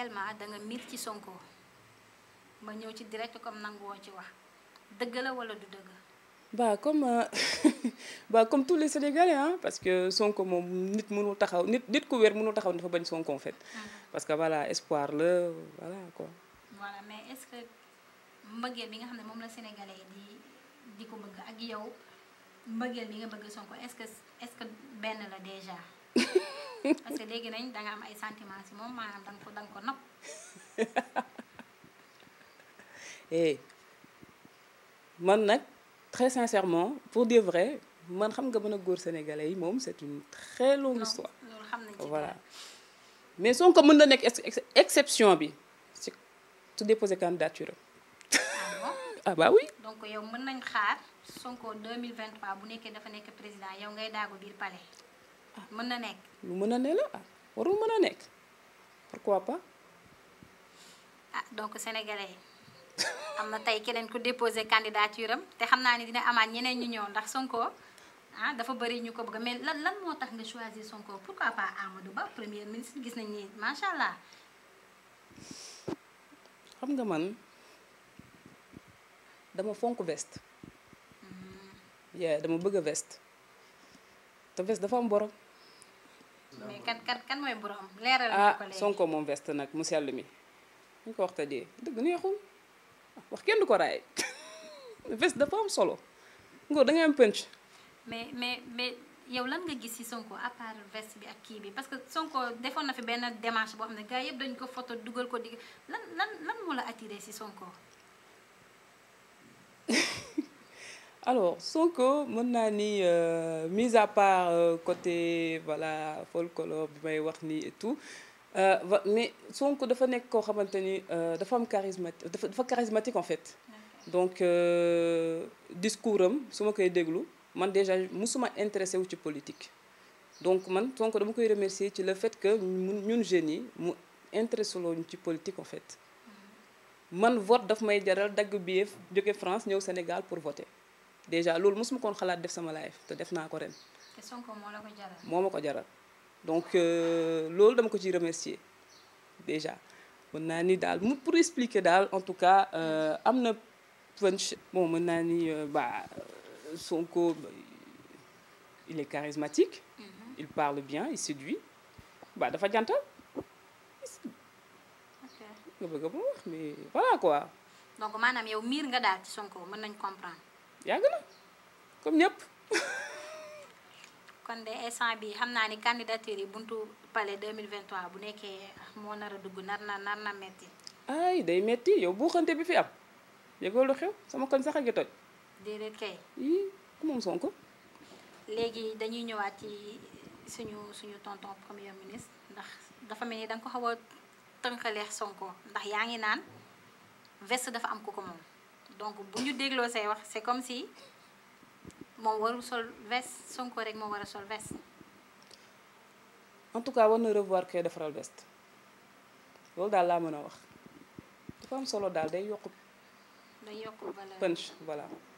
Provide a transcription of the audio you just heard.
réellement da nga miir ci Sonko ma ñëw ci direct comme nangu woo ci wax dëgg la wala du dëgg. ba comme euh, ba comme tous les sénégalais ah parce que Sonko moom nit mënul taxaw nit nit ku wér mënul taxaw dafa bañ Sonko en fait. Mm-hmm. parce que voilà espoir la voilà quoi. voilà mais est-ce que mbëggeel bi nga xam ne moom la sénégalais di di ko bëgg ak yow mbëggeel bi nga bëgg Sonko est-ce que est-ce que benn la déjà. parce que léegi nañ da am ay sentiments si moom maanaam da nga eh man nag très sincèrement pour dire vrai man xam nga mën a góor sénégalais yi moom c'est une très longue histoire voilà mais Sonko mën na nekk exception bi ci su déposer candidature ah, ah bah oui donc yow mën nañ xaar Sonko 2023 bu nekkee dafa nekk président yow ngay daagu biir palais ah. mën na nekk lu mën a ne la ah, warul mën a nekk pourquoi pas donc sénégalais yi am na tey keneen ku déposé candidature am te xam naa ni dina amaat ñeneen ñu ñëw ndax Sonko ah dafa bëri ñu ko bëgg mais lan lan moo tax nga choisir Sonko pourquoi pas Amadou Ba premier ministre gis nañ ni macha allah. xam nga man dama fonk veste. Mm-hmm. yaa dama bëgg a veste te veste dafa am borom. mais kan kan kan mooy borom leeral ah Sonko moom veste nag mu sell mi. ñu ko wax te dee dëgg neexul wax kenn du ko raay veste dafa am solo ngóor da am pënc mais mais mais yow lan nga gis ci Sonko à part bi ak kii bi parce que Sonko defoon na fi benn démarche boo xam ne gars yëpp dañ ko foto dugal ko digg lan lan lan moo la attiré ci Sonko alors Sonko mën naa ni euh, mise à part euh, côté voilà folklore bi may wax nii et tout Euh, mais Sonko dafa nekk koo xamante ni euh, dafa am charismatique dafa dafa charismatique en fait donc euh, discours am su ma koy déglu man déjà musuma intéressé wu ci politique donc man Sonko dama koy remercier ci le fait que ñun jeunes yi mu intéressé looñu ci politique en fait man vote daf may jaral dagg bi billet jóge France ñëw Sénégal pour voter déjà loolu mosuma koon xalaat def sama live te def naa ko ren. te a moo ma ko jaral. donc euh, loolu dama ko ci remercier déjà mën naa ni daal mu pour expliquer daal en tout cas euh, am na punch bon mën naa ni euh, ba Sonko il est charismatique mm-hmm. il parle bien il séduit bah dafa jantal nga bëgg a mais voilà quoi donc maanaam yow miir nga daal ci Sonko mën nañ comprendre yàgg na comme ñëpp kon de bi xam naa ni candidature yi buntu palais 2023 bu nekkee moo nar a dugg nar na nar na metti ay day metti yow buuxante bi fi am yëgoo lu xew sama koñ sax a ngi toj déedéet kay ii ku moom Sonko léegi dañuy ñëwaat ci suñu suñu tonton premier ministre ndax dafa mel ni da ko xaw a tënkaleex Sonko ndax yaa ngi naan veste dafa am ko ko moom donc bu ñu dégloo say wax c'est comme si moom warul sol veste Sonko rek moom war a sol veste. en tout cas war na revoir koy defaral veste loolu daal laa mën a wax oh. dafa am solo daal day yokku day yokk valeur punch voilà.